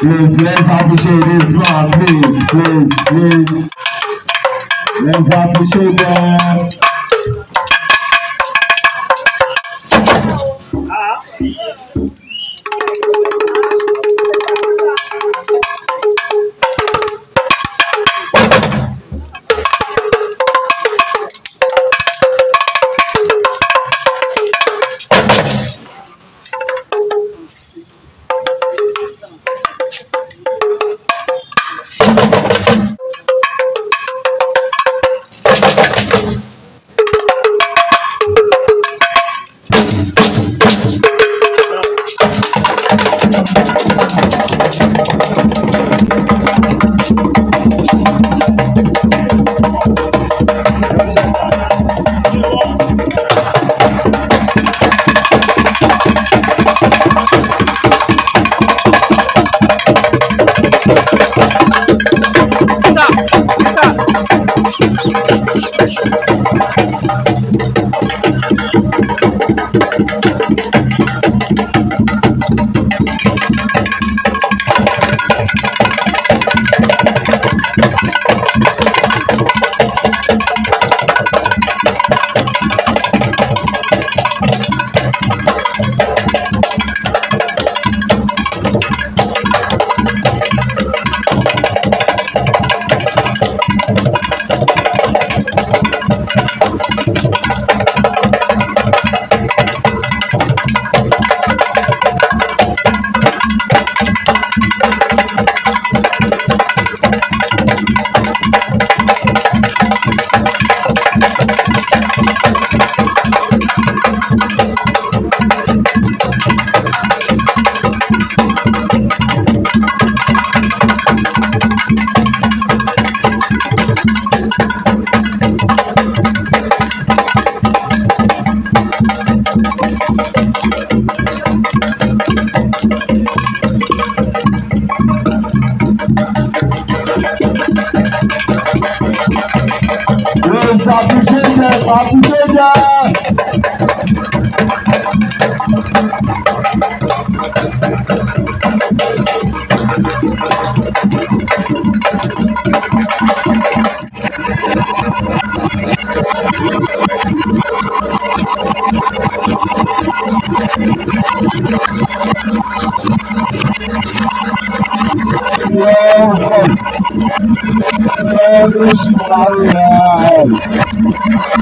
Please, let's appreciate this one, please, please, please. Let's appreciate that. Thank you. is appreciated, appreciated. Lord, Lord is